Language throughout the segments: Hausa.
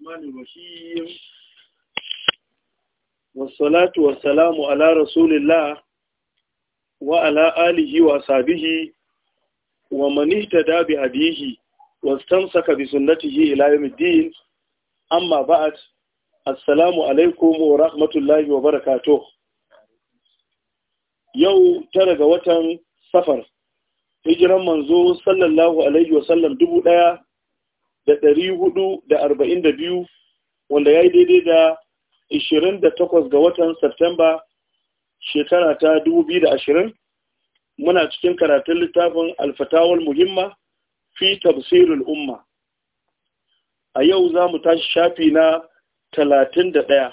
الرحمن الرحيم والصلاة والسلام على رسول الله وعلى آله وصحبه ومن اهتدى بهديه واستمسك بسنته إلى يوم الدين أما بعد السلام عليكم ورحمة الله وبركاته يو ترى وتن سفر hijiran manzo صلى الله عليه وسلم ɗaya da ɗari hudu da arba'in da biyu wanda ya yi daidai da ishirin da takwas ga watan Satumba shekara ta dubu biyu da ashirin muna cikin karatun littafin alfatawar muhimma fi tafsirul umma a yau za mu tashi shafi na talatin da ɗaya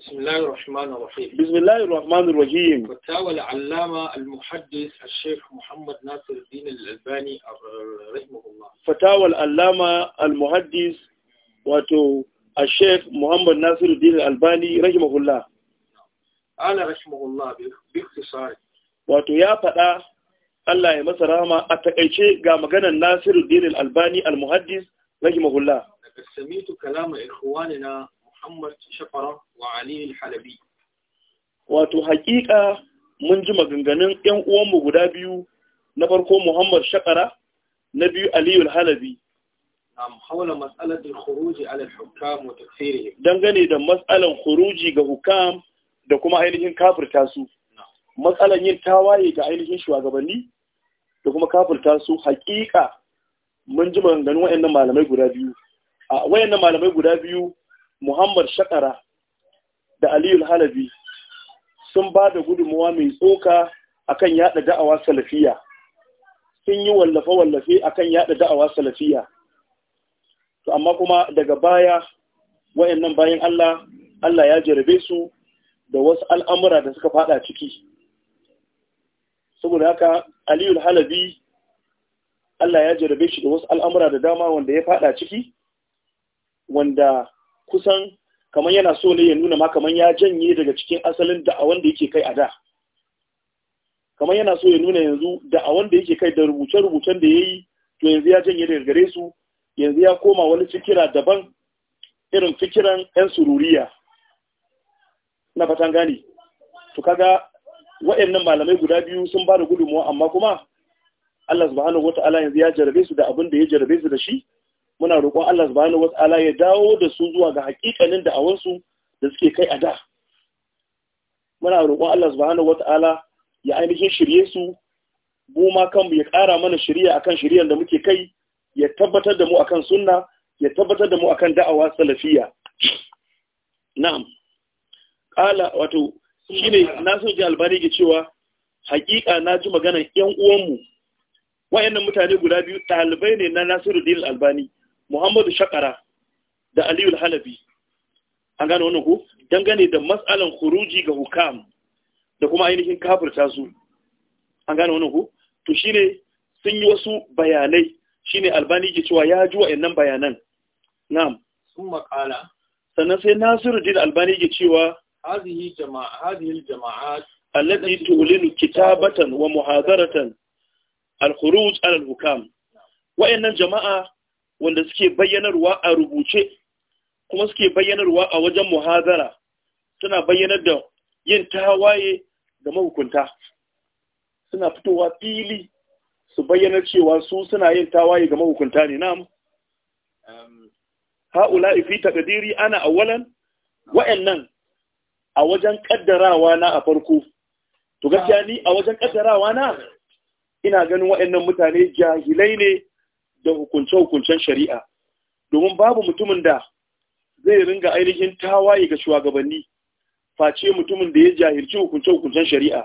بسم الله الرحمن الرحيم بسم الله الرحمن الرحيم فتاوى العلامة المحدث الشيخ محمد ناصر الدين الألباني رحمه الله فتاوى العلامة المحدث واتو الشيخ محمد ناصر الدين الألباني رحمه الله أنا رحمه الله باختصار واتو يا فدا الله يا رحمه أتقيتشي ga maganar Nasiruddin Al-Albani al-Muhaddis rahimahullah Muhammad Shafara wa Ali halabi wato haƙiƙa mun ji maganganun ƴan uwanmu guda biyu na farko Muhammad Shakara na biyu Aliyu al-Halabi am hawla mas'alat ala hukam wa takfirihim dangane da matsalar khuruji ga hukam da kuma ainihin kafirta su matsalar yin tawaye ga ainihin shugabanni da kuma kafirta su haƙiƙa mun ji maganganun wayannan malamai guda biyu a wayannan malamai guda biyu muhammad shakara da aliyu halabi sun ba da gudunmuwa mai tsoka akan yada da'awa salafiya sun yi wallafe-wallafe akan yaɗa da'awa salafiya to amma kuma daga baya wayannan bayan Allah Allah ya jarabe su da wasu al'amura da suka fada ciki saboda haka Aliyu Halabi Allah ya jarabe shi da wasu al'amura da dama wanda ya fada ciki wanda kusan kamar yana so ne ya nuna ma kamar ya janye daga cikin asalin da'awan da yake kai a da kamar yana so ya nuna yanzu da'awan da yake kai da rubuce-rubucen da ya yi to yanzu ya janye daga gare su yanzu ya koma wani fikira daban irin fikiran 'yan sururiya na fatan gani to kaga waɗannan malamai guda biyu sun ba da gudunmuwa amma kuma Allah subhanahu wata'ala yanzu ya jarabe su da abin da ya jarabe su da shi muna roƙon Allah subhanahu wata'ala ya dawo da su zuwa ga hakikanin da'awansu da suke kai a da muna roƙon Allah subhanahu wata'ala ya ainihin shirye su mu ma kanmu ya ƙara mana shirya akan shiryan da muke kai ya tabbatar da mu akan sunna ya tabbatar da mu akan da'awa salafiya na'am qala wato shine na so ji albani ke cewa hakika na ji maganar yan uwanmu wayannan mutane guda biyu talibai ne na Nasiruddin Albani Muhammadu Shakara da Aliyu Halabi an gane wannan ku. dangane da matsalan khuruji ga hukam da kuma ainihin kafirta su an gane wannan ku. to shine sun yi wasu bayanai shine albani ke cewa ya ji wa'annan bayanan na'am sun makala sannan sai nasiruddin albani ke cewa hadhihi jama'a hadhihi jama'at allati tu'linu kitabatan wa muhadaratan al-khuruj ala al-hukam wa'annan jama'a wanda suke bayyanarwa a rubuce kuma suke bayyanarwa a wajen muhazara suna bayyanar da yin tawaye da mahukunta suna fitowa fili su bayyanar cewa su suna yin tawaye ga mahukunta ne nam um, ha'ula fi takadiri ana awalan wa'annan a wajen kaddarawa na a farko to gaskiya ni a wajen kaddarawa na ina ganin wa'annan mutane jahilai ne da hukunce-hukuncen shari'a domin babu mutumin da zai ringa ainihin tawaye ga shugabanni face mutumin da ya jahilci hukunce-hukuncen shari'a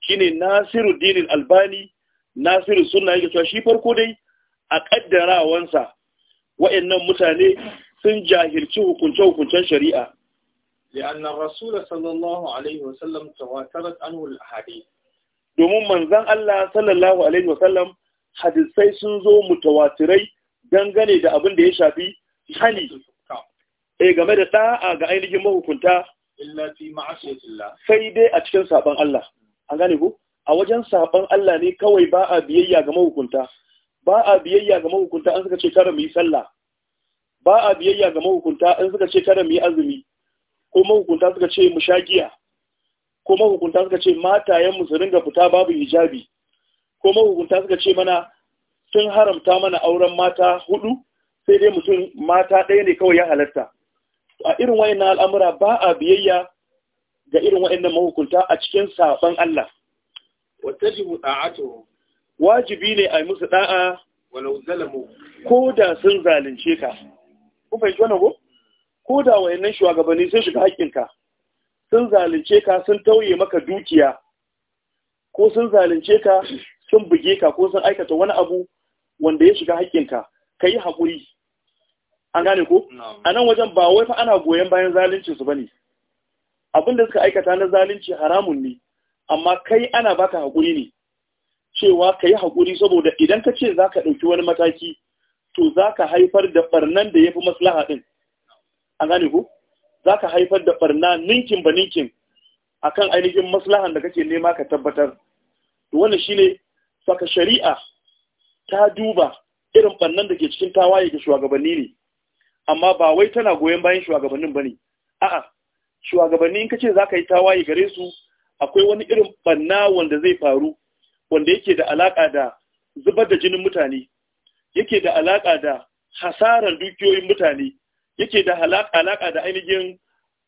shine nasiru dinin albani nasiru suna yake cewa shi farko dai a kaddarawansa wa'annan mutane sun jahilci hukunce-hukuncen shari'a لأن الرسول صلى الله عليه وسلم تواترت عنه الأحاديث domin manzan Allah sallallahu alaihi وسلم hadisai sun zo mutawatirai dangane da abin da ya shafi hani E, game da da'a ga ainihin mahukunta sai dai a cikin saban Allah an gane ku a wajen saban Allah ne kawai ba a biyayya ga mahukunta ba a biyayya ga mahukunta an suka ce kada mu yi sallah ba a biyayya ga mahukunta an suka ce kada mu yi azumi ko mahukunta suka ce mu sha giya ko mahukunta suka ce matayen mu su ringa fita babu hijabi ko mahukunta suka ce mana sun haramta mana auren mata hudu sai dai mutum mata ɗaya ne kawai ya halatta a irin na al'amura ba a biyayya ga irin wayannan mahukunta a cikin saban Allah watajibu da'atuhu wajibi ne a yi musu da'a walau zalamu ko da sun zalunce ka Ku fahimci wannan ko ko da nan shugabanni sun shiga haƙƙinka sun zalunce ka sun tauye maka dukiya ko sun zalunce ka sun buge ka ko sun aikata wani abu wanda ya shiga haƙƙinka ka yi haƙuri an gane ko a nan wajen ba wai fa ana goyon bayan zalunci su bane abin da suka aikata na zalunci haramun ne amma kai ana baka haƙuri ne cewa ka yi haƙuri saboda idan ka ce za ka ɗauki wani mataki to za ka haifar da ɓarnan da ya fi maslaha ɗin an gane ko za ka haifar da ɓarna ninkin ba ninkin akan ainihin maslahan da kake nema ka tabbatar to wannan shine saka shari'a ta duba irin bannan da ke cikin tawaye ga shugabanni ne amma ba wai tana goyon bayan shugabannin ba ne a'a shugabanni in ka ce za ka yi tawaye gare su akwai wani irin banna wanda zai faru wanda yake da alaƙa da zubar da jinin mutane yake da alaƙa da hasarar dukiyoyin mutane yake da alaƙa da ainihin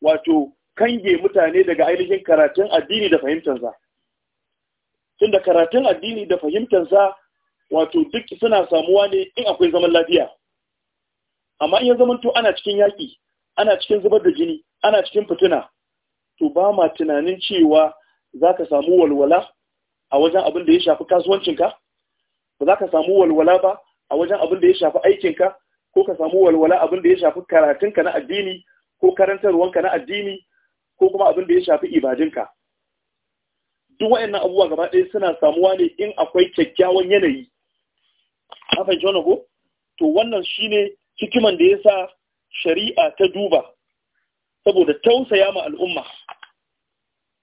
wato kange mutane daga ainihin karatun addini da fahimtarsa tunda karatun addini da fahimtansa, wato duk suna samuwa ne in akwai zaman lafiya amma in ya zamanto ana cikin yaƙi ana cikin zubar da jini ana cikin fituna. to ba ma tunanin cewa za ka samu walwala a wajen abin da ya shafi kasuwancinka ba za ka samu walwala ba a wajen abin da ya shafi aikinka ko ka samu walwala abin da ya shafi karatunka na addini ko karantarwanka na addini ko kuma abin da ya shafi ibadunka? duk wayannan abubuwa gaba ɗaya suna samuwa ne in akwai kyakkyawan yanayi a fahimci ko to wannan shine hikiman da ya sa shari'a ta duba saboda tausaya ma al'umma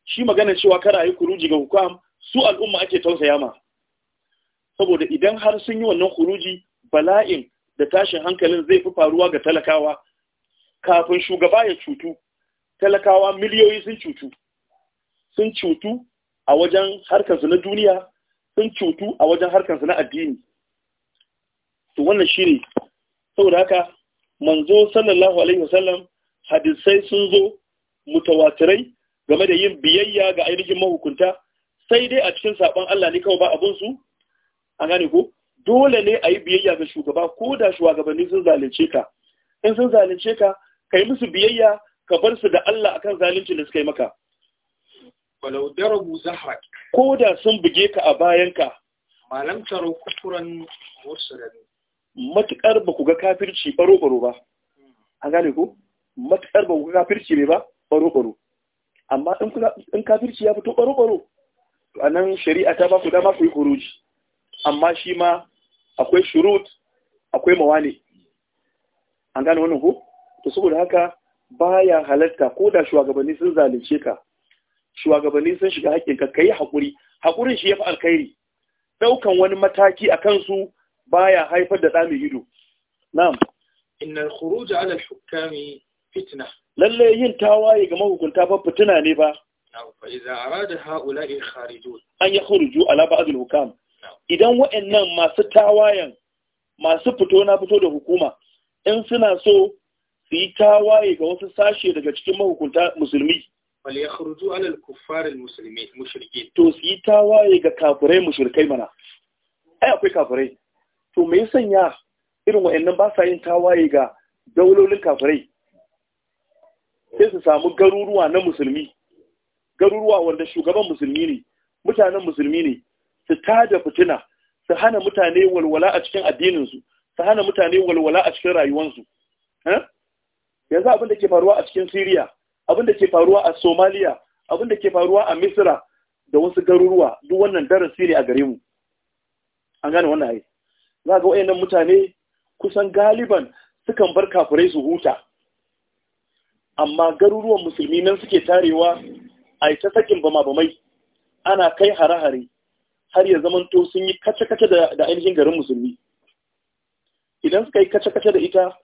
shi magana cewa a yi kuruji ga hukam su al'umma ake tausaya ma saboda idan har sun yi wannan kuruji bala'in da tashin hankalin zai fi faruwa ga talakawa kafin shugaba ya cutu talakawa miliyoyi sun cutu sun cutu a wajen harkarsu na duniya sun cutu a wajen harkarsu na addini to wannan shi ne saboda haka manzo sallallahu alaihi wasallam hadisai sun zo mutawatirai game da yin biyayya ga ainihin mahukunta sai dai a cikin saɓon Allah ne kawai ba abinsu a gane ko dole ne a yi biyayya ga shugaba ko da shugabanni sun zalunce ka in sun zalunce ka ka yi musu biyayya ka bar su da Allah akan zalunci da suka yi maka walau darabu zahrak ko da sun buge ka a bayanka malam taro kufuran musulun matukar ba ku ga kafirci baro baro ba an gane ko matukar ba ku ga kafirci ne ba baro baro amma in kafirci ya fito baro baro a nan shari'a ta ba ku dama ku yi kuruji amma shi ma akwai shurut akwai mawani an gane wannan ko to saboda haka baya halatta ko da shugabanni sun zalunce ka shugabanni sun shiga haƙƙinka ka yi haƙuri haƙurin shi ya fi alkhairi ɗaukan wani mataki a kansu baya haifar da ɗami hido na'am innal khuruj ala al-hukami fitna lalle yin tawaye ga mahukunta fa fitina ne ba fa idza arada ha'ula'i kharijun an yakhruju ala ba'd al-hukam idan wa'annan masu tawayen masu fito na fito da hukuma in suna so su yi tawaye ga wasu sashe daga cikin mahukunta musulmi wal yakhruju ala al kuffar al muslimin mushrikin to su yi tawaye ga kafirai mushrikai mana ai akwai kafirai to me sanya irin wayannan ba sa yin tawaye ga daulolin kafirai sai su samu garuruwa na musulmi garuruwa wanda shugaban musulmi ne mutanen musulmi ne su tada fitina su hana mutane walwala a cikin addininsu su hana mutane walwala a cikin rayuwansu yanzu abin da ke faruwa a cikin siriya abin da ke faruwa a Somaliya, abin da ke faruwa a Misra da wasu garuruwa duk wannan darasi ne a gare mu an gane wannan ai za ga wayannan mutane kusan galiban sukan bar kafirai su huta amma garuruwan musulmi nan suke tarewa a ta sakin bama bamai ana kai hare-hare har ya to sun yi kace-kace da ainihin garin musulmi idan suka yi kace-kace da ita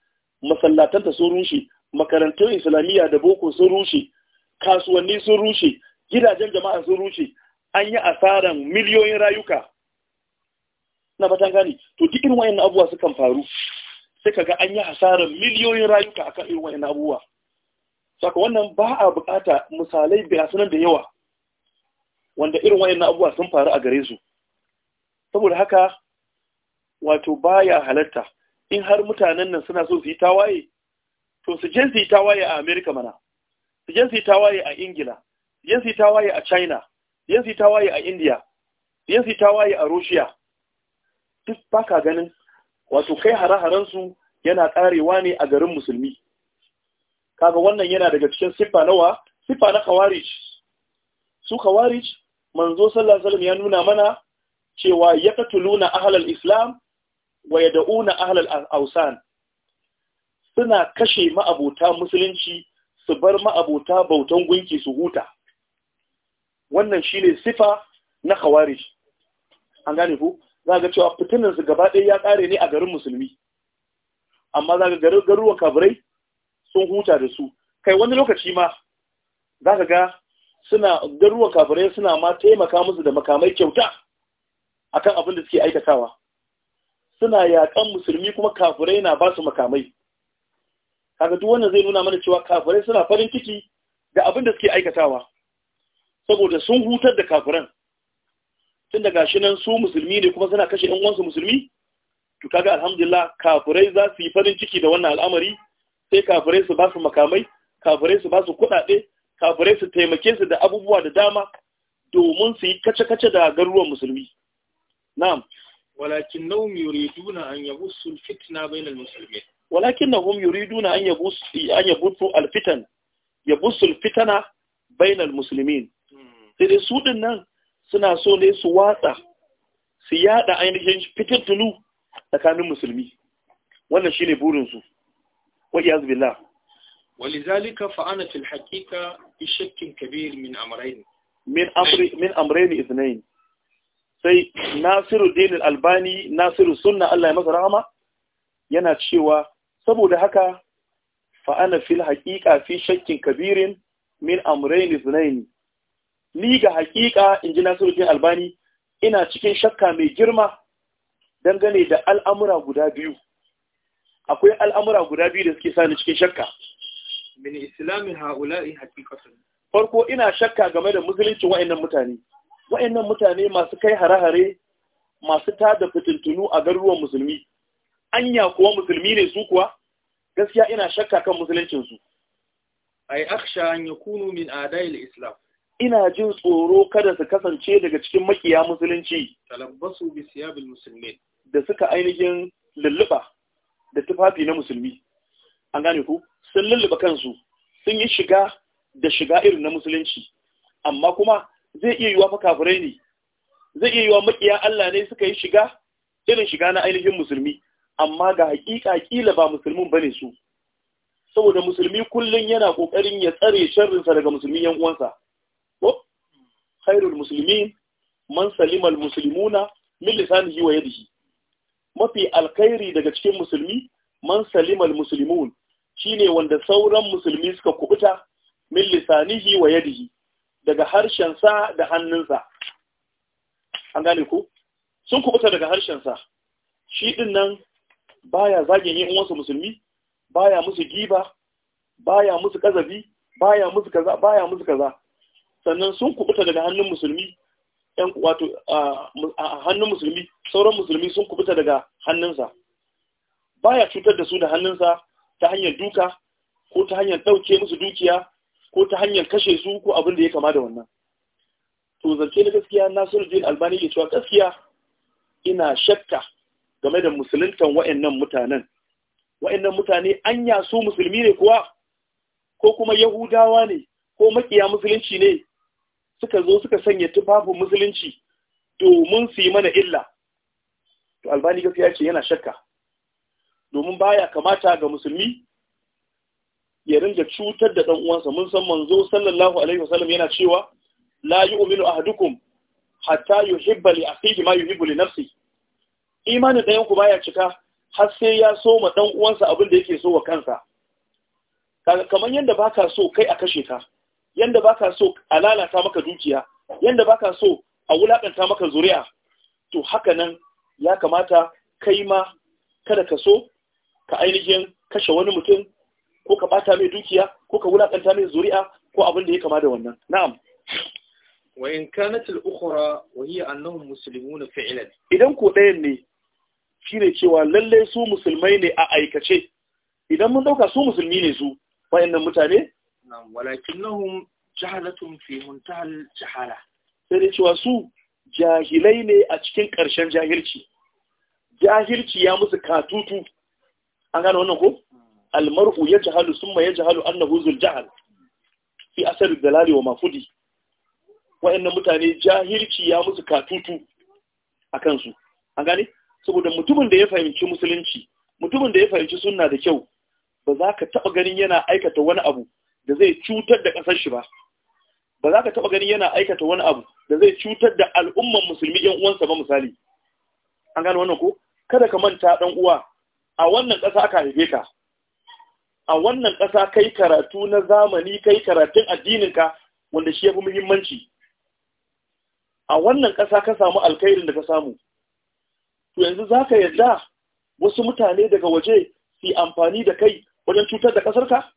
masallatanta sun rushe makarantun islamiyya da boko sun rushe kasuwanni sun rushe gidajen jama'a sun rushe an yi asaran miliyoyin rayuka na batan gani to duk irin wayannan abubuwa sukan faru sai kaga an yi asaran miliyoyin rayuka akan irin wayannan abubuwa saka wannan ba a bukata misalai da asanan da yawa wanda irin wayannan abubuwa sun faru a gare su saboda haka wato baya halatta in har mutanen nan suna so su yi tawaye to su je su yi tawaye a Amerika mana su je su yi tawaye a Ingila su je su yi tawaye a China su je su yi tawaye a India su je su yi tawaye a Russia duk ka ganin wato kai hare-haren su yana karewa ne a garin musulmi kaga wannan yana daga cikin siffa nawa siffa na khawarij su khawarij manzo sallallahu alaihi wasallam ya nuna mana cewa yaqtuluna ahlal islam wa yad'una ahlal awsan suna kashe ma'abota musulunci su bar ma'abota bautan gunki su huta wannan shine sifa na kawari an gane ku za ga cewa fitinan su gaba ɗaya ya ƙare ne a garin musulmi amma za ga garuruwan kabirai sun huta da su kai wani lokaci ma za ka ga suna garuruwan kabirai suna ma taimaka musu da makamai kyauta akan abin da suke aikatawa suna yaƙan musulmi kuma kafurai na ba su makamai kaga duk wannan zai nuna mana cewa kafirai suna farin ciki da abin da suke aikatawa saboda sun hutar da kafiran tun da gashi nan su musulmi ne kuma suna kashe ɗan uwansu musulmi to kaga alhamdulillah kafirai za su yi farin ciki da wannan al'amari sai kafirai su ba su makamai kafirai su ba su kuɗaɗe kafirai su taimake su da abubuwa da dama domin su yi kace-kace da garuruwan musulmi na'am walakin naum yuriduna an yabussu fitna bainal muslimin walakin na hum yuriduna an butu alfitan yabusu alfitana bainal muslimin sai dai su din suna so ne su watsa su yada ainihin fitintunu tsakanin musulmi wannan shine burin su wa iyaz billah ولذلك فأنا في الحقيقة بشك كبير من أمرين من أمر من أمرين اثنين sai Nasiru Din Albani Nasiru Sunna Allah ya masa rama, yana cewa saboda haka fa'ana fil haƙiƙa fi shakkin kabirin min amrayn ithnayn ni ga haƙiƙa in Nasiruddin Albani ina cikin shakka mai girma dangane da al'amura guda biyu akwai al'amura guda biyu da suke sani cikin shakka min islamin haula'i haƙiƙasun farko ina shakka game da musuluncin wa'annan mutane wa'annan mutane masu kai hare-hare masu tada fitintunu a garuruwan musulmi anya kuwa musulmi ne su kuwa gaskiya ina shakka kan musuluncin su ai akhsha an yakunu min a'da'il islam ina jin tsoro kada su kasance daga cikin makiya musulunci talabbasu bi siyabil muslimin da suka ainihin lulluba da tufafi na musulmi an gane ku sun lulluba kansu sun yi shiga da shiga irin na musulunci amma kuma zai iya yiwa fa kafirai ne zai iya yiwa makiya Allah ne suka yi shiga irin shiga na ainihin musulmi amma ga hakika kila ba musulmin bane su saboda musulmi kullun yana kokarin ya tsare sharrin sa daga musulmin yan uwansa ko khairul muslimin man salima al muslimuna min lisanihi wa yadihi mafi alkhairi daga cikin musulmi man salima al muslimun shine wanda sauran musulmi suka kubuta min lisanihi wa yadihi daga harshen sa da hannunsa an gane ku sun kubuta daga harshen sa shi din nan baya zagin yin wasu musulmi baya musu giba baya musu kazabi baya musu kaza baya musu kaza sannan sun kubuta daga hannun musulmi yan wato a hannun musulmi sauran musulmi sun kubuta daga hannunsa baya cutar da su da hannunsa ta hanyar duka ko ta hanyar ɗauke musu dukiya ko ta hanyar kashe su ko abin da ya kama da wannan to zance na gaskiya nasiruddin albani ya cewa gaskiya ina shakka game da musuluntan wa'annan mutanen wa'annan mutane anya su musulmi ne kuwa ko kuma yahudawa ne ko makiya musulunci ne suka zo suka sanya tufafin musulunci domin su yi mana illa to albani ya ce yana shakka domin baya kamata ga musulmi ya ringa cutar da dan uwansa mun san manzo sallallahu alaihi wasallam yana cewa la yu'minu ahadukum hatta yuhibba li akhihi ma yuhibbu li nafsihi imanin ɗayan ku baya cika har sai ya so ma ɗan uwansa abin da yake so wa kansa kamar yadda baka so kai a kashe ka yadda baka so a lalata maka dukiya yadda baka so a wulaƙanta maka zuri'a to haka nan ya kamata kai ma kada ka so ka ainihin kashe wani mutum ko ka bata mai dukiya ko ka wulaƙanta mai zuri'a ko abin da ya kama da wannan na'am wa in kanat ukhra wa hiya annahum muslimun fi'lan idan ko ɗayan ne shine cewa lalle su musulmai ne a aikace idan mun dauka su musulmi ne su wayannan mutane na'am walakinnahum jahalatun fi muntahal jahala sai da cewa su jahilai ne a cikin ƙarshen jahilci jahilci ya musu katutu an gane wannan ko almar'u ya jahalu summa ya jahalu annahu zul jahal fi asar dalali wa mafudi wa'annan mutane jahilci ya musu katutu a kansu an gane saboda mutumin da ya fahimci musulunci mutumin da ya fahimci sunna da kyau ba za ka taɓa ganin yana aikata wani abu da zai cutar da ƙasar shi ba ba za ka taɓa ganin yana aikata wani abu da zai cutar da al'umman musulmi yan uwansa ba misali an gano wannan ko kada ka manta dan uwa a wannan ƙasa aka haife ka a wannan ƙasa kai karatu na zamani kai karatun addininka wanda shi ya fi muhimmanci a wannan ƙasa ka samu alkhairin da ka samu to yanzu za ka yarda wasu mutane daga waje su amfani da kai wajen cutar da ƙasarka?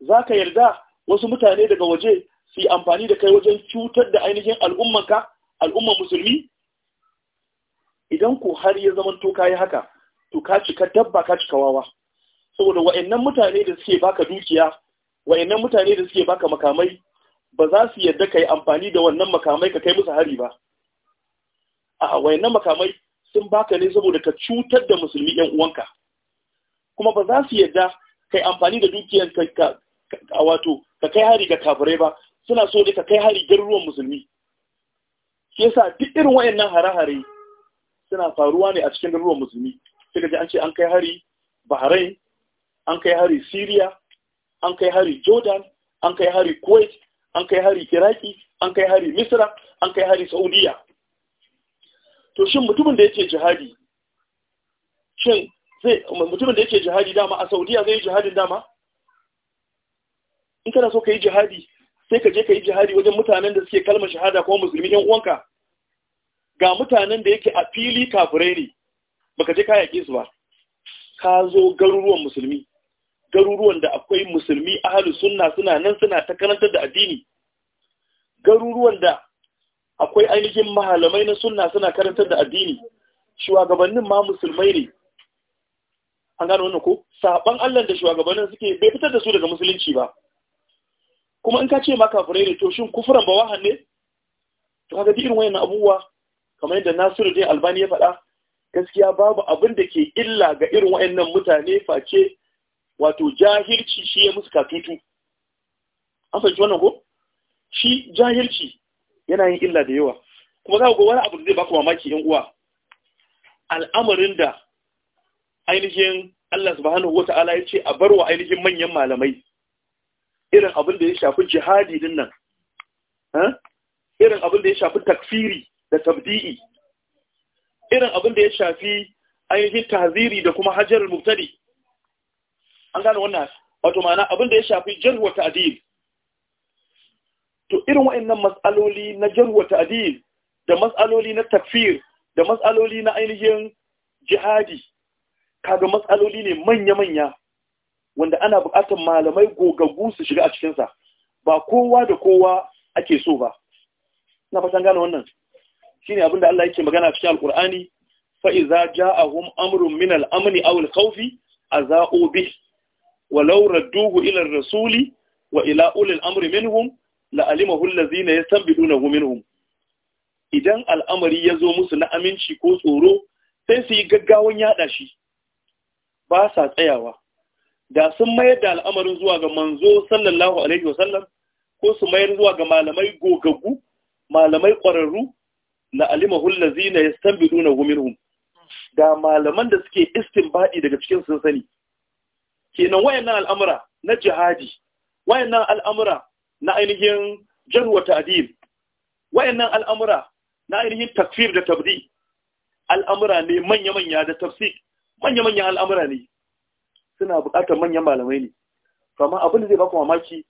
Za ka yarda wasu mutane daga waje su amfani da kai wajen cutar da ainihin al'ummanka, al'umman musulmi? Idan ko har ya zama to kayi haka, to ka cika dabba ka cika wawa. Saboda wa'annan mutane da suke baka dukiya, wa'annan mutane da suke baka makamai, ba za su yarda ka yi amfani da wannan makamai ka kai musu hari ba. A wa'annan makamai sun baka ne saboda ka cutar da musulmi yan uwanka kuma ba za su yadda kai amfani da dukiyar ka a wato ka kai hari ga kafirai ba suna so ne ka kai hari garuruwan musulmi shi yasa duk irin wayannan hare-hare suna faruwa ne a cikin garuruwan musulmi sai ka ji an ce an kai hari Bahrain an kai hari Syria an kai hari Jordan an kai hari Kuwait an kai hari Iraki an kai hari Misra an kai hari Saudiya to shin mutumin da yake jihadi shin zai mutumin da yake jihadi dama a Saudiya zai yi jihadin dama in kana so ka yi jihadi sai ka je ka yi jihadi wajen mutanen da suke kalmar shahada ko musulmi yan uwanka ga mutanen da yake a fili kafirai ne baka je ka yaƙe su ba ka zo garuruwan musulmi garuruwan da akwai musulmi ahalu sunna suna nan suna ta karantar da addini garuruwan da akwai ainihin mahalamai na sunna suna karantar da addini shugabannin ma musulmai ne an gano wannan ko saban Allah da shugabannin suke bai fitar da su daga musulunci ba kuma in ka ce ma kafirai ne to shin kufuran ba wahan ne to kaga irin wayannan abubuwa kamar yadda Nasiru dai Albani ya faɗa gaskiya babu abin da ke illa ga irin wayannan mutane face wato jahilci shi ya musu katutu an fahimci wannan ko shi jahilci yana yin illa da yawa kuma za ku ga wani abu da zai baku mamaki yan uwa al'amarin da ainihin Allah subhanahu wata'ala ya ce a bar wa ainihin manyan malamai irin abin da ya shafi jihadi din nan irin abin da ya shafi takfiri da tabdi'i irin abin da ya shafi ainihin taziri da kuma hajjar mubtadi an gane wannan wato ma'ana abin da ya shafi jarwa ta'dil to irin wa'annan matsaloli na jarwa ta'dil da matsaloli na takfir da matsaloli na ainihin jihadi kaga matsaloli ne manya-manya wanda ana buƙatar malamai gogaggu su shiga a cikinsa ba kowa da kowa ake so ba na fatan gane wannan Shi shine abinda Allah yake magana cikin alkur'ani fa iza ja'ahum amrun min al-amn aw al-khawfi aza'u bih walau radduhu ila ar-rasuli wa ila ulil amri minhum la'alimahu allazina yastanbidunahu minhum idan al'amari ya zo musu na aminci ko tsoro sai su yi gaggawan yaɗa shi ba sa tsayawa da sun mayar da al'amarin zuwa ga manzo sallallahu alaihi wasallam ko su mayar zuwa ga malamai gogaggu malamai ƙwararru la'alimahu allazina yastanbidunahu minhum da malaman da suke istinbaɗi daga cikin sun sani kenan wayannan al'amura na jihadi wayannan al'amura na ainihin jarwa ta'dil wayannan al'amura na ainihin takfir da tabdi al'amura ne manya-manya da tafsir manya-manyan al'amura ne suna buƙatar manyan malamai ne amma abin da zai baka mamaki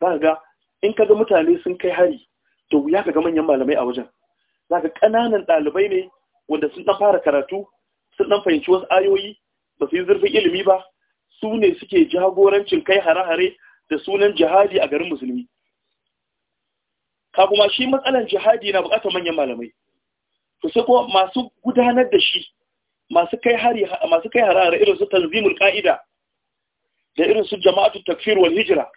za ga in kaga mutane sun kai hari to wuya kaga manyan malamai a wajen za ka ƙananan ɗalibai ne wanda sun ɗan fara karatu sun ɗan fahimci wasu ayoyi ba su yi zurfin ilimi ba su ne suke jagorancin kai hare-hare da sunan jihadi a garin musulmi ka kuma shi matsalan jihadi na bukatar manyan malamai to sai kuma masu gudanar da shi masu kai hari masu kai irin su tanzimul qa'ida da irin su jama'atu takfir wal hijra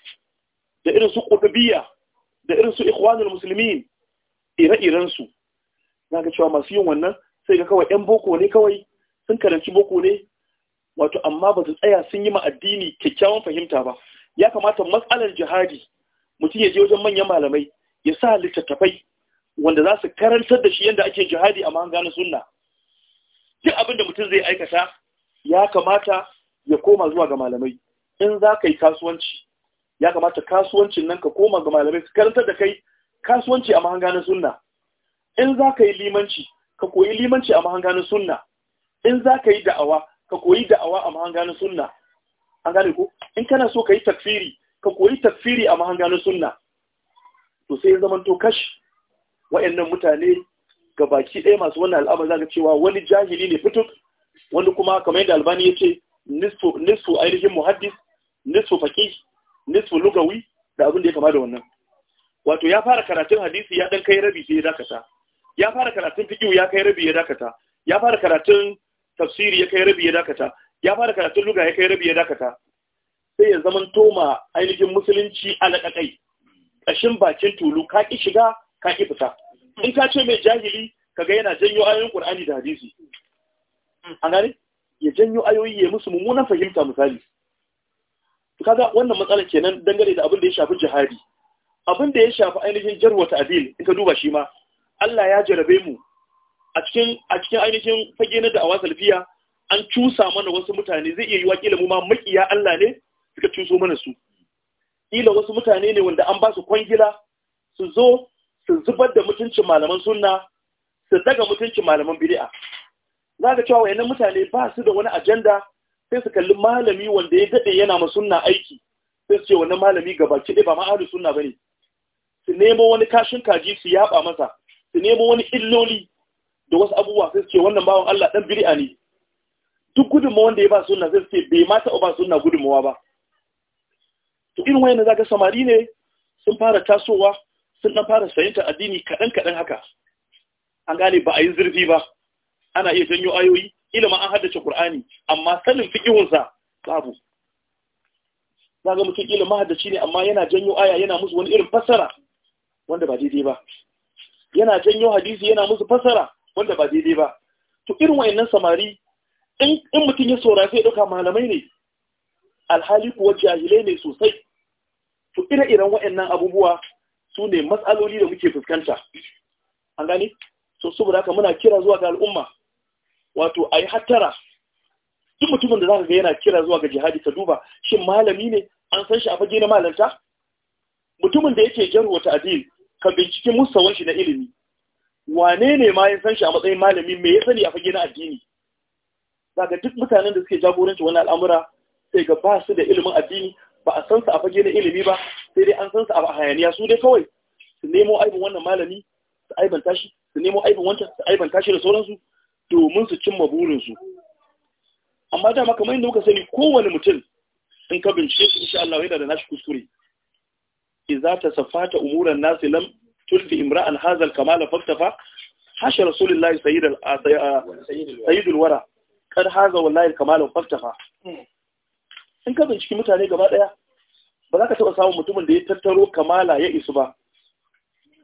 da irin su qutubiyya da irin su ikhwanul muslimin ire-iren su naga cewa masu yin wannan sai ga kawai yan boko ne kawai sun karanci boko ne wato amma ba su tsaya sun yi ma addini kyakkyawan fahimta ba ya kamata matsalar jihadi mutum ya je wajen manyan malamai ya sa littattafai wanda za su karantar da shi yadda ake jihadi a mahanga na sunna duk abin da mutum zai aikata ya kamata ya koma zuwa ga malamai in za ka yi kasuwanci ya kamata kasuwancin nan ka koma ga malamai su karantar da kai kasuwanci a mahanga na sunna in za ka yi limanci ka koyi limanci a mahanga na sunna in za ka yi da'awa ka koyi da'awa a mahanga na sunna an gane ko in kana so ka yi tafsiri ka koyi tafsiri a mahanganin sunna to sai zaman to kash wa'annan mutane ga baki ɗaya masu wannan al'amar zaka cewa wani jahili ne fituk wani kuma kamar yadda albani ya ce nisfu ainihin muhaddis nisfu faqih nisfu lugawi da abin da ya kama da wannan wato ya fara karatun hadisi ya dan kai rabi sai ya dakata ya fara karatun fiqh ya kai rabi ya dakata ya fara karatun tafsiri ya kai rabi ya dakata ya fara karatun luga ya kai rabi ya dakata sai ya zaman toma ainihin musulunci alaƙaƙai ƙashin bakin tulu ka ƙi shiga ka ƙi fita in ka ce mai jahili kaga yana janyo ayoyin ƙur'ani da hadisi A gani ya janyo ayoyi ya musu mummunan fahimta misali kaga wannan matsalar kenan dangane da abin da ya shafi jihadi abin da ya shafi ainihin jarwa Abil in ka duba shi ma Allah ya jarabe mu a cikin a cikin ainihin fage na da'awa salfiya an cusa mana wasu mutane zai iya yi wakila mu ma makiya Allah ne suka cuso mana su kila wasu mutane ne wanda an ba su kwangila su zo su zubar da mutuncin malaman sunna su daga mutuncin malaman bid'a za ka cewa wayannan mutane ba su da wani ajanda sai su kalli malami wanda ya dade yana ma sunna aiki sai su ce wannan malami gabaki ɗaya ba ma ahlus sunna bane su nemo wani kashin kaji su yaba masa su nemo wani illoli da wasu abubuwa sai su ce wannan bawan Allah dan bid'a ne duk gudunmu wanda ya ba suna zai ce bai ma taɓa ba suna gudunmawa ba to irin wayan zaka samari ne sun fara tasowa sun dan fara sayanta addini kaɗan kaɗan haka an gane ba a yi zurfi ba ana iya janyo ayoyi ilima an haddace Kur'ani, amma sanin fikihunsa babu za ga mutum ilimin haddaci ne amma yana janyo aya yana musu wani irin fasara wanda ba daidai ba yana janyo hadisi yana musu fasara wanda ba daidai ba to irin wayannan samari in mutum ya saurari sai ɗauka malamai ne alhali kuwa jahilai ne sosai to ire-iren waɗannan abubuwa su ne matsaloli da muke fuskanta an gani so saboda haka muna kira zuwa ga al'umma wato a yi hattara duk mutumin da za ka ga yana kira zuwa ga jihadi ka duba shin malami ne an san shi a fage na malanta mutumin da yake wata adil ka binciki musawan shi na ilimi wane ne ma ya san shi a matsayin malami me ya sani a fage na addini daga duk mutanen da suke jagoranci wani al'amura sai ga ba su da ilimin addini ba a san su a fage na ilimi ba sai dai an san su a hayaniya su dai kawai su nemo aibin wannan malami su aibin tashi su nemo aibin wancan su aibin tashi da sauransu domin su cimma burinsu amma dama kamar yadda muka sani kowane mutum in ka bincike su insha Allah yana da nashi kuskure idza tasaffata umuran nas lam tulfi imra'an hazal kamala faktafa hasha rasulullahi sayyidul ah, wara kar haza wallahi kamalin faktafa hmm. in ka binciki mutane gaba daya ba za ka taɓa samun mutumin da ya tattaro kamala ya isu ba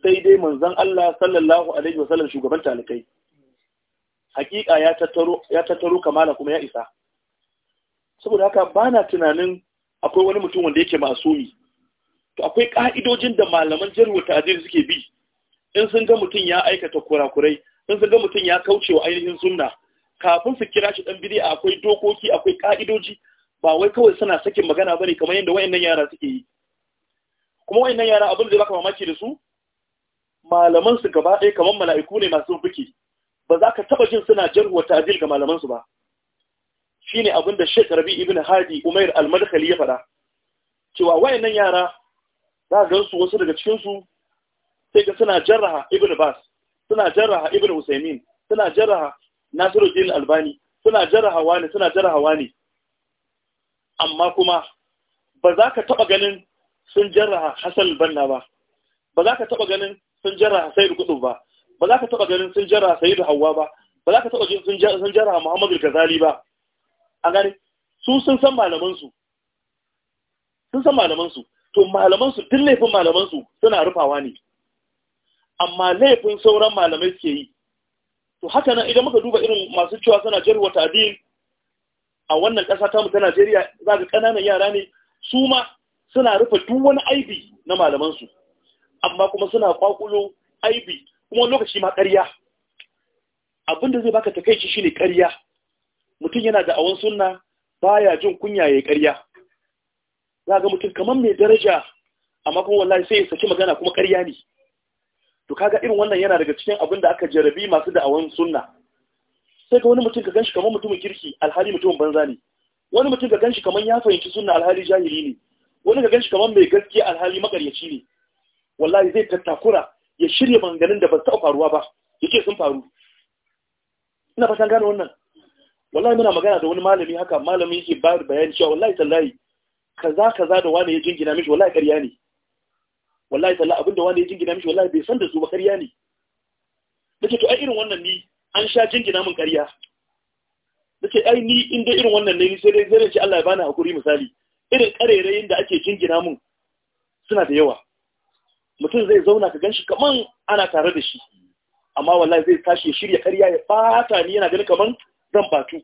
sai dai manzon Allah sallallahu alaihi wasallam shugaban talikai hakika ya tattaro ya tattaro kamala kuma ya isa saboda haka bana tunanin akwai wani mutum wanda yake masumi to akwai ka'idojin da malaman jarwa ta'dir suke bi in sun ga mutum ya aikata kurakurai in sun ga mutum ya kauce wa ainihin sunna kafin su kira shi dan bid'a akwai dokoki akwai ka'idoji ba wai kawai suna sakin magana bane kamar yadda wayannan yara suke yi kuma wayannan yara abin da baka mamaki da su malaman su gaba ɗaya kamar mala'iku ne masu fuki ba za ka taba jin suna jarhuwa ta'dil ga malaman su ba shine abin da Sheikh Rabi ibn Hadi Umair al-Madkhali ya fada cewa wayannan yara za ga su wasu daga cikin su sai ga suna jarraha Ibn Bas suna jarraha Ibn Usaymin suna jarraha Nasiruddin Albani suna jarahawa ne suna jarahawa ne amma kuma ba za ka taba ganin sun jaraha Hassan Banna ba ba za ka taba ganin sun jaraha Sayyid Qutb ba ba za ka taba ganin sun jaraha Sayyid Hawwa ba ba za ka taba ganin sun jaraha sun jaraha Muhammad al-Ghazali ba a gare su sun san malaman su sun san malaman su to malaman su duk laifin malaman su suna rufawa ne amma laifin sauran malamai suke yi to haka nan idan muka duba irin masu cewa suna jarwa ta'dil a wannan ƙasa ta ta Najeriya za ga ƙananan yara ne su ma suna rufe duk wani aibi na malamansu, su amma kuma suna kwakulo aibi kuma wani lokaci ma ƙarya abin da zai baka shi shine ƙarya mutum yana da awon sunna baya jin kunya yayi ƙarya za ga mutum kamar mai daraja amma kuma wallahi sai ya saki magana kuma ƙarya ne to kaga irin wannan yana daga cikin abin da aka jarabi masu da'awan sunna sai ga wani mutum ka ganshi kamar mutumin kirki alhali mutumin banza ne wani mutum ka ganshi kamar ya fahimci sunna alhali jahili ne wani ka ganshi kamar mai gaskiya alhali makaryaci ne wallahi zai tattakura ya shirya banganin da ba taɓa faruwa ba yake sun faru ina fatan gane wannan wallahi muna magana da wani malami haka malami yake ba bayani cewa wallahi tallahi kaza kaza da wani ya jingina mishi wallahi ƙarya ne wallahi sallah abinda wanda ya jingina mishi wallahi bai san da su ba ƙarya ne nake to ai irin wannan ni an sha jingina min ƙarya nake ai ni in dai irin wannan ne sai dai zai ce Allah ya bani hakuri misali irin ƙarerayin da ake jingina mun suna da yawa mutum zai zauna ka ganshi kaman ana tare da shi amma wallahi zai tashi shirya ƙarya ya bata ni yana ganin kaman zan batu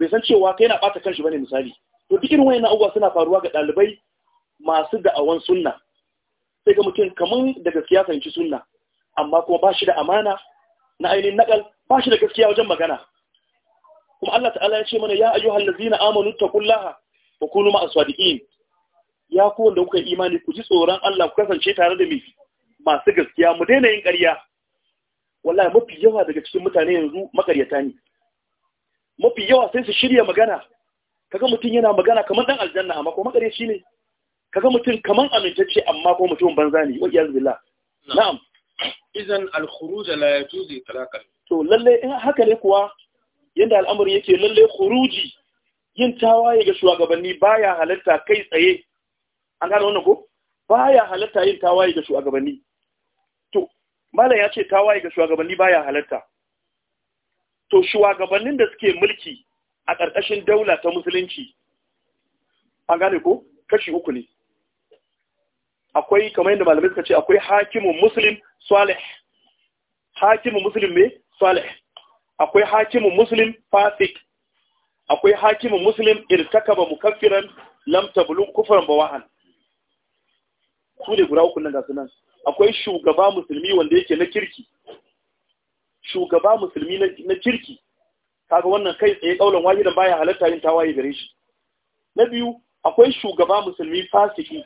bai san cewa kai na bata kanshi bane misali to duk irin wayannan abubuwa suna faruwa ga ɗalibai masu da'awan sunna sai ga mutum kaman da gaskiya fahimci sunna amma kuma ba shi da amana na ainihin nakal ba shi da gaskiya wajen magana kuma Allah ta'ala ya ce mana ya ayyuhal ladzina amanu taqullaha wa kunu a swadikin. ya ku wanda kuka imani ku ji tsoron Allah ku kasance tare da mi masu gaskiya mu daina yin ƙarya wallahi mafi yawa daga cikin mutane yanzu makaryata ne mafi yawa sai su shirya magana kaga mutum yana magana kamar dan aljanna amma ko makaryaci ne kaga mutum kaman amintacce amma ko mutum banza ne wa iyaz billah na'am idan al-khuruj la yajuzu talaqan to lalle in haka ne kuwa yanda al'amari yake lalle khuruji yin tawaye ga shugabanni baya halatta kai tsaye an gane wannan ko baya halatta yin tawaye ga shugabanni to malam ya ce tawaye ga shugabanni baya halatta to shugabannin da suke mulki a ƙarƙashin daula ta musulunci an gane ko kashi uku ne akwai kamar yadda malamai suka ce akwai hakimin muslim salih hakimin muslim mai salih akwai hakimin muslim fasik akwai hakimin muslim irtakaba mukaffiran lam tablugh kufran wahan su ne guda uku gasu nan akwai shugaba musulmi wanda yake na kirki shugaba musulmi na kirki kaga wannan kai tsaye kaulan wahidan baya halatta yin tawaye gare shi na biyu akwai shugaba musulmi fasiki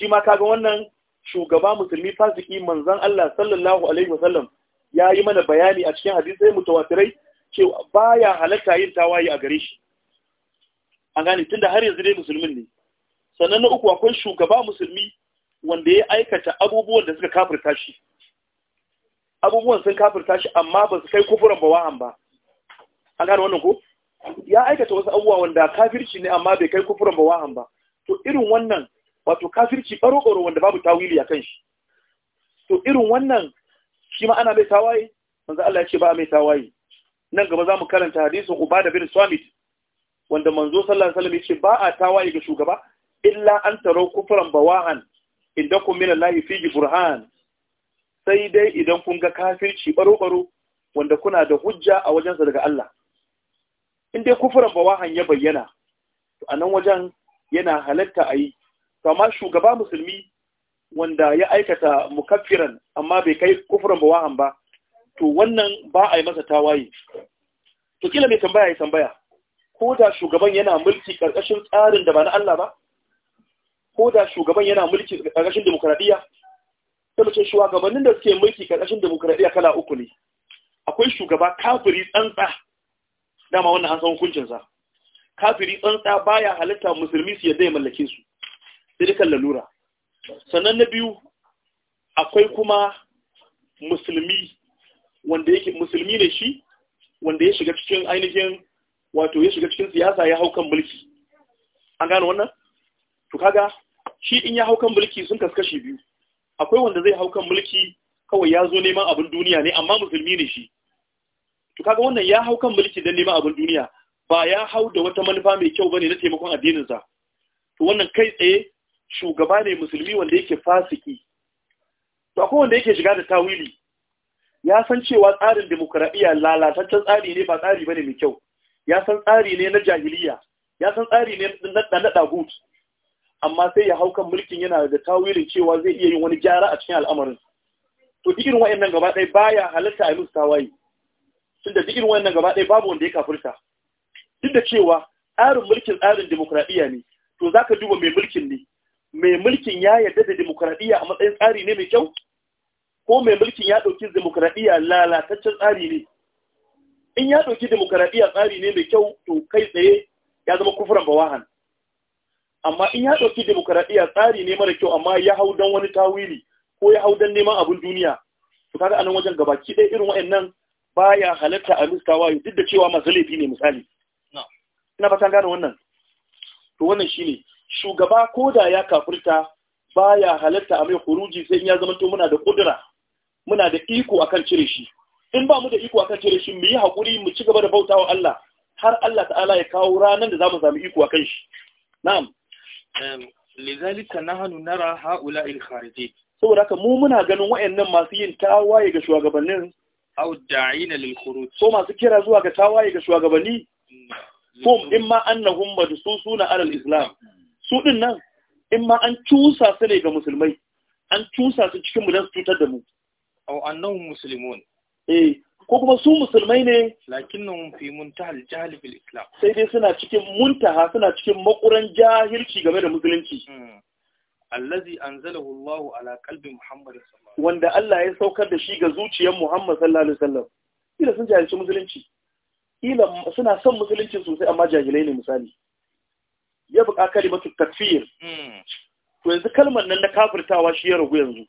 shi ma kaga wannan shugaba musulmi fasiki manzon Allah sallallahu alaihi wasallam ya yi mana bayani a cikin hadisi mutawatirai cewa baya halatta yin tawaye a gare shi an gane tunda har yanzu dai musulmin ne sannan na uku akwai shugaba musulmi wanda ya aikata abubuwan da suka kafirta shi abubuwan sun kafirta shi amma ba su kai kufuran ba ba an gane wannan ko ya aikata wasu abubuwa wanda kafirci ne amma bai kai kufuran ba ba to irin wannan wato kafirci ɓaro-ɓaro wanda babu tawili a kan shi to irin wannan shi ma ana mai tawaye manzo Allah ya ce ba mai tawaye nan gaba za mu karanta hadisin Ubada bin Swamit, wanda manzo sallallahu alaihi wasallam ya ce ba a tawaye ga shugaba illa an taro kufran bawahan indakum mina Allah fi burhan sai dai idan kun ga kafirci baro-baro wanda kuna da hujja a wajensa daga Allah in dai kufran bawahan ya bayyana to a nan wajen yana halatta a yi kama shugaba musulmi wanda ya aikata mukaffiran amma bai kai kufran ba ba to wannan ba a yi masa tawaye to kila mai tambaya ya tambaya ko da shugaban yana mulki karkashin tsarin da ba na Allah ba ko da shugaban yana mulki karkashin demokradiya sai mace shugabannin da suke mulki karkashin demokradiya kala uku ne akwai shugaba kafiri tsantsa dama wannan an san hukuncin sa kafiri tsantsa baya halitta musulmi su yadda ya mallake su sai dukan lalura sannan na biyu akwai kuma musulmi wanda yake musulmi ne shi wanda ya shiga cikin ainihin wato ya shiga cikin siyasa ya hau kan mulki an gano wannan to kaga shi in ya hau kan mulki sun kaskashi biyu akwai wanda zai hau kan mulki kawai ya zo neman abin duniya ne amma musulmi ne shi to kaga wannan ya hau kan mulki don neman abin duniya ba ya hau da wata manufa mai kyau bane na taimakon addininsa to wannan kai tsaye shugaba ne musulmi wanda yake fasiki to akwai wanda yake shiga da tawili ya san cewa tsarin demokradiyya lalataccen tsari ne ba tsari bane mai kyau ya san tsari ne na jahiliya ya san tsari ne na na gut amma sai ya haukan mulkin yana da tawilin cewa zai iya yin wani gyara a cikin al'amarin to duk irin wayannan gaba ɗaya baya halatta a musu tawaye tun da duk irin wayannan gaba ɗaya babu wanda ya kafirta duk da cewa tsarin mulkin tsarin demokradiyya ne to zaka duba mai mulkin ne mai mulkin ya yarda da demokradiyya a matsayin tsari ne mai kyau ko mai mulkin ya ɗauki demokradiyya lalataccen tsari ne in ya ɗauki demokradiyya tsari ne mai kyau to kai tsaye ya zama kufuran bawahan amma in ya ɗauki demokradiyya tsari ne mara kyau amma ya hau don wani tawili ko ya hau don neman abin duniya to kaga anan wajen gabaki ɗaya irin wa'annan baya halatta a miskawa duk da cewa masu laifi ne misali ina fatan gane wannan to wannan shine shugaba ko da ya kafirta ya halatta a mai huruji sai in ya zama to muna da kudura muna da iko akan cire shi in ba mu da iko akan cire shi mu yi haƙuri mu ci gaba da bautawa Allah har Allah ta'ala ya kawo ranar da za mu sami iko akan shi na'am lizalika nahnu nara haula al-khariji saboda haka mu muna ganin wayannan masu yin tawaye ga shugabannin aw da'ina lil khuruj so masu kira zuwa ga tawaye ga shugabanni ko mm, imma annahum su ala al-islam su ɗin nan in ma an cusa su ne ga musulmai an cusa su cikin mu don su cutar da mu aw annahum muslimun eh ko kuma su musulmai ne lakinnahum fi muntahal jahl bil islam sai dai suna cikin muntaha suna cikin makuran jahilci game da musulunci hmm. allazi anzalahu Allah ala qalbi Muhammad sallallahu alaihi wanda Allah ya saukar da shi ga zuciyar Muhammad sallallahu alaihi wasallam ila sun jahilci musulunci Ila suna son musulunci sosai amma jahilai ne misali ya buƙa kalimatu tafiyar. Hmm. to yanzu kalmar nan na kafirtawa shi ya ragu yanzu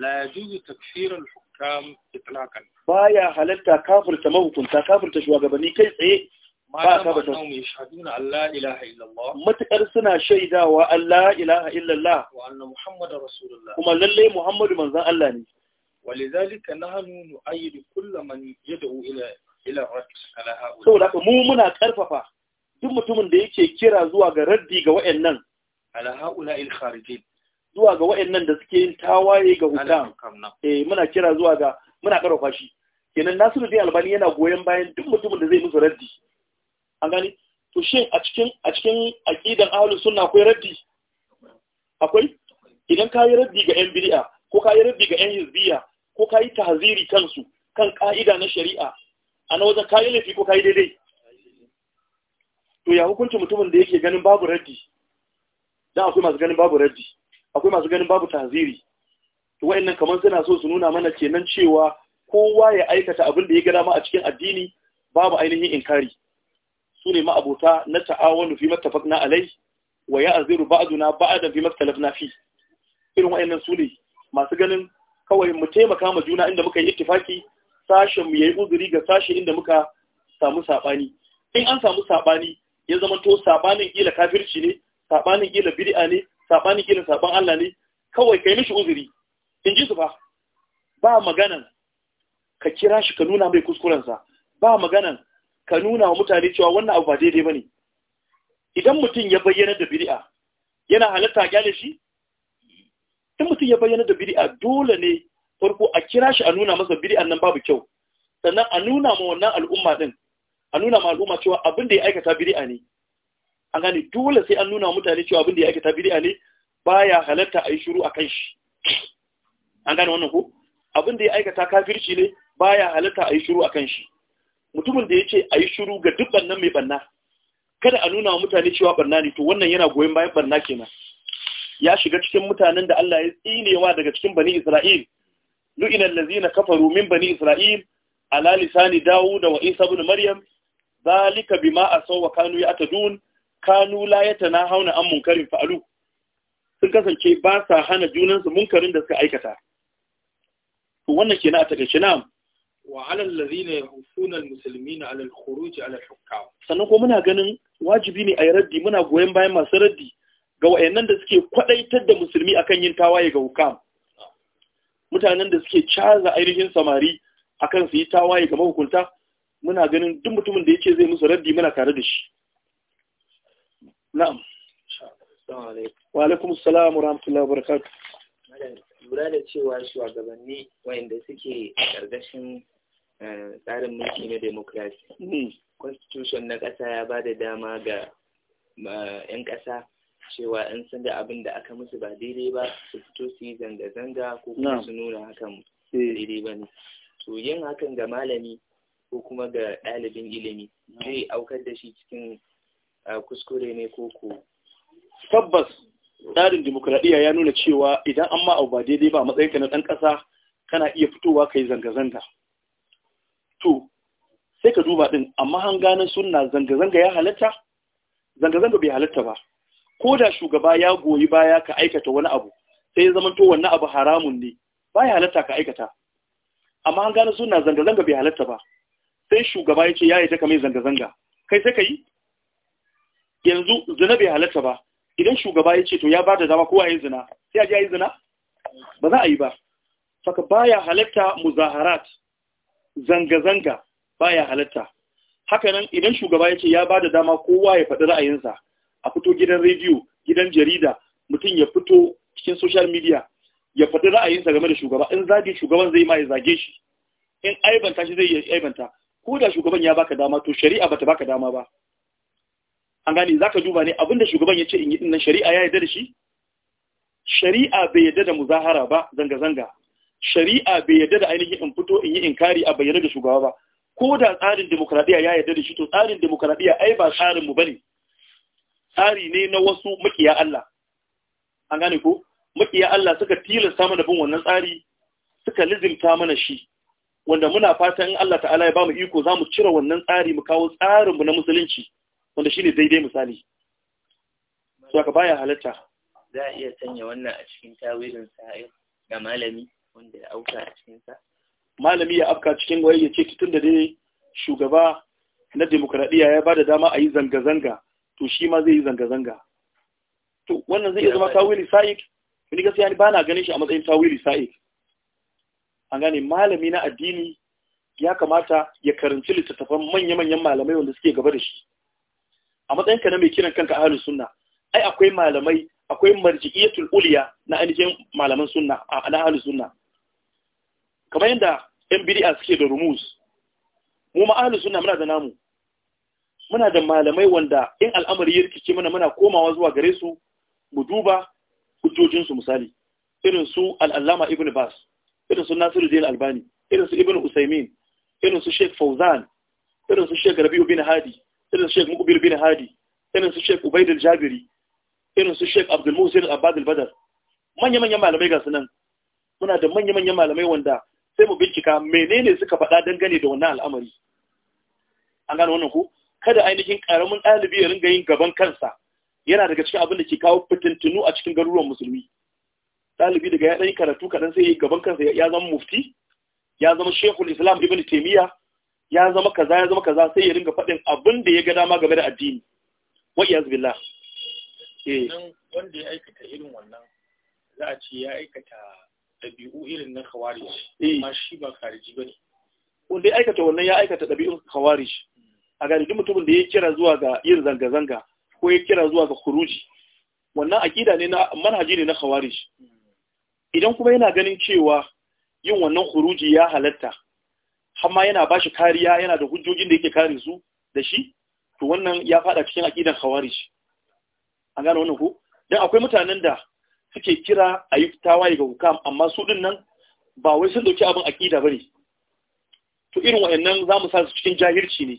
la yajuzu takfir al hukam itlaqan baya halatta kafirta mahukunta kafirta shugabanni kai tsaye ba ka ba yashhaduna alla ilaha illallah matakar suna shaidawa alla ilaha illallah wa anna muhammadar rasulullah kuma lalle muhammadu manzon Allah ne ولذلك نحن نؤيد كل من يدعو الى الى الرد على هؤلاء. سو لك مو منا كرففا duk mutumin da yake kira zuwa ga raddi ga wa'annan ala haula il kharijin zuwa ga wa'annan da suke yin tawaye ga hukam eh muna kira zuwa ga muna karofa shi kenan Nasiruddin Albani yana goyen bayan duk mutumin da zai musu raddi an gani to shin a cikin a cikin aqidan ahlus sunna akwai raddi akwai idan kayi raddi ga yan bid'a ko kayi raddi ga yan hizbiya ko kayi tahziri kansu kan ka'ida na shari'a ana wajen kayi laifi ko kayi daidai to ya hukunci mutumin da yake ganin babu raddi dan akwai masu ganin babu raddi akwai masu ganin babu tanziri to wayannan kamar suna so su nuna mana kenan cewa kowa ya aikata abin da ya gada ma a cikin addini babu ainihin inkari su ne ma'abota na ta'awunu fi mattafaqna alai wa ya'ziru ba'duna ba'dan fi mattalafna fi irin wayannan su ne masu ganin kawai mu taimaka ma juna inda muka yi ittifaki sashen mu ya yi uzuri ga sashi inda muka samu sabani in an samu saɓani. ya zama to sabanin kila kafirci ne sabanin kila bid'a ne sabanin kila saban Allah ne kawai kai mishi uzuri in ji su fa ba maganan ka kira shi ka nuna mai kuskurensa ba maganan ka nuna wa mutane cewa wannan abu ba daidai bane ne idan mutum ya bayyana da bid'a yana halatta a shi in mutum ya bayyana da bid'a dole ne farko a kira shi a nuna masa bid'an nan babu kyau sannan a nuna ma wannan al'umma din a nuna ma al'umma cewa abin da ya aikata bid'a ne an gane dole sai an nuna mutane cewa abin da ya aikata bid'a ne baya halatta a yi shiru a kan shi an gane wannan ko abin da ya aikata kafirci ne baya halatta a yi shiru a kan shi mutumin da ya ce a yi shiru ga duk bannan mai banna kada a nuna wa mutane cewa banna ne to wannan yana goyon bayan banna kenan ya shiga cikin mutanen da Allah ya tsinewa daga cikin bani Isra'il lu'ina allazina kafaru min bani Isra'il ala lisani Dawud wa Isa ibn Maryam zalika bima a wa kanu ya ya'tadun kanu la hauna an munkarin fa'alu sun kasance ba sa hana junansu munkarin da suka aikata to wannan kenan a takaice na wa alal ladhina yahusuna almuslimina ala alkhuruj ala alhukam sannan ko muna ganin wajibi ne a yi raddi muna goyon bayan masu raddi ga wayannan da suke kwadaitar da musulmi akan yin tawaye ga hukam mutanen da suke caza ainihin samari akan su yi tawaye ga mahukunta muna ganin duk mutumin da yake zai musu raddi muna tare da shi na'am wa alaikum assalam wa rahmatullahi wa barakatuh lura da cewa shugabanni wayanda suke gargashin eh, tsarin mulki na demokrasi hmm. constitution na ƙasa ya ba da dama ga 'yan kasa cewa 'yan san da abin da aka musu ba daidai ba su fito su yi zanga-zanga ko kuma su nuna hakan eh. daidai ba ne to yin hakan ga malami ko kuma ga ɗalibin ilimi zai aukar da shi cikin kuskure ne ko ko tabbas tsarin dimokuraɗiyya ya nuna cewa idan an ma ba daidai ba matsayinka na ɗan ƙasa kana iya fitowa ka yi zanga-zanga to sai ka duba ɗin amma an gane suna zanga-zanga ya halatta zanga-zanga bai halatta ba ko da shugaba ya goyi baya ka aikata wani abu sai ya zama to wannan abu haramun ne ba ya halatta ka aikata amma an gane suna zanga-zanga bai halatta ba sai shugaba ya ce ya yi ta mai zanga-zanga kai sai ka yi yanzu zina bai halatta ba idan shugaba ya ce to ya ba da dama kowa ya zina sai a ji ya yi zina ba za a yi ba saka baya halatta muzaharat zanga-zanga baya halatta hakanan idan shugaba ya ce ya ba da dama kowa ya faɗi ra'ayinsa a fito gidan rediyo gidan jarida mutum ya fito cikin social media ya faɗi ra'ayinsa game da shugaba in zagi shugaban zai ma ya zage shi in aibanta shi zai aibanta ko da shugaban ya baka dama to shari'a bata baka dama ba an gane zaka duba ne abinda shugaban ya ce in yi dinnan shari'a ya yarda da shi shari'a bai yarda da muzahara ba zanga zanga shari'a bai yarda da ainihin in fito in yi inkari a bayyana da shugaba ba ko da tsarin demokradiya ya yarda da shi to tsarin demokradiya ai ba tsarin mu bane tsari ne na wasu makiya Allah an gane ko makiya Allah suka tilasta mana bin wannan tsari suka lizimta mana shi wanda muna fatan Allah ta'ala ya ba mu iko za mu cire wannan tsari mu kawo tsarinmu na musulunci wanda shi ne daidai misali so aka baya halatta za a iya sanya wannan a cikin tawilin sa'ir ga malami wanda ya auka a cikin sa malami ya afka cikin waye ya ce tun da dai shugaba na demokradiya ya bada dama a yi zanga-zanga to shi ma zai yi zanga-zanga to wannan zai iya zama tawili sa'ik ni gaskiya ni bana ganin shi a matsayin tawili sa'ik an gane malami na addini ya kamata ya karanci littattafan manya-manyan malamai wanda suke gaba da shi a ka na mai kiran kanka ahlus sunna ai akwai malamai akwai marji'iyatul uliya na ainihin malaman sunna a na ahlus sunna kamar yadda yan bid'a suke da rumus. mu ma ahlus sunna muna da namu muna da malamai wanda in al'amari ya rikice mana muna komawa zuwa gare su mu duba hujjojinsu misali irin su al'allama ibn bas irinsu su Nasiru Jil Albani irinsu Ibn Usaimin irinsu su Sheikh Fauzan irinsu su Sheikh Rabi'u bin Hadi irinsu su Sheikh Mukbil bin Hadi irinsu su Sheikh Ubaid al-Jabiri irinsu su Sheikh Abdul Muhsin Abad al-Badr manya manyan malamai ga sunan muna da manya manyan malamai wanda sai mu bincika menene suka faɗa dangane da wannan al'amari an gano wannan ku kada ainihin karamin ɗalibi ya ringa yin gaban kansa yana daga cikin abin da ke kawo fitintunu a cikin garuruwan musulmi ɗalibi daga ya ɗan karatu kaɗan sai gaban kansa ya zama mufti ya zama shekul islam ibn taimiyya ya zama kaza ya zama kaza sai ya ringa faɗin abin da ya ga dama game da addini wai ya zubilla eh. wanda ya aikata irin wannan za a ce ya aikata ɗabi'u irin na khawarij eh. amma shi ba khariji bane wanda ya aikata wannan ya aikata ɗabi'un khawarij a gani duk mutumin da ya kira zuwa ga yin zanga-zanga ko ya kira zuwa ga kuruji wannan akida ne na manhaji ne na khawarij hmm. idan kuma yana ganin cewa yin wannan huruji ya halatta hamma yana ba shi kariya yana da hujjojin da yake kare su da shi to wannan ya fada cikin aqidan khawarij an gane wannan ko dan akwai mutanen da suke kira a yi tawaye ga hukam amma su din nan ba wai sun dauki abin aqida bane to irin wayannan zamu sa su cikin jahilci ne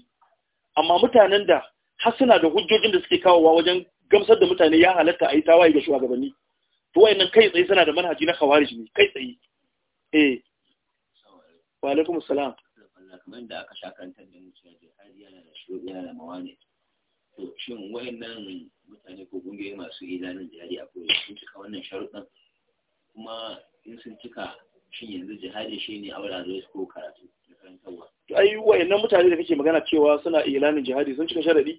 amma mutanen da har suna da hujjojin da suke kawowa wajen gamsar da mutane ya halatta a yi tawaye ga shugabanni to wayannan kai tsaye suna da manhaji na khawarij ne kai tsaye eh wa alaikum assalam kamar da aka sha kantar da mutum da har yana da shi yana da mawane to shin wayannan mutane ko gungiyoyi masu ilanin jihadi akwai sun cika wannan sharuɗan kuma in sun cika shin yanzu jihadi shi ne a wurare ko karatu da karantarwa to ai wayannan mutane da kake magana cewa suna ilanin jihadi sun cika sharaɗi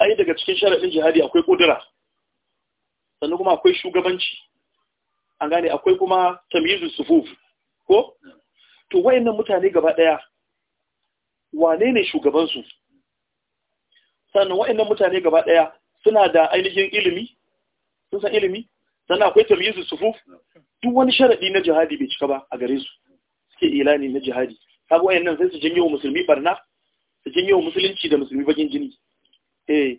ai daga cikin sharaɗin jihadi akwai ƙudura. sannan kuma akwai shugabanci an gane akwai kuma tamizu sufuf ko to wayannan mutane gaba daya wane ne shugaban su sannan wayannan mutane gaba daya suna da ainihin ilimi sun san ilimi sannan akwai tamizu sufuf duk wani sharadi na jihadi bai cika ba a gare su suke ilani na jihadi kaga wayannan sai su janyo musulmi barna su janyo musulunci da musulmi bakin jini eh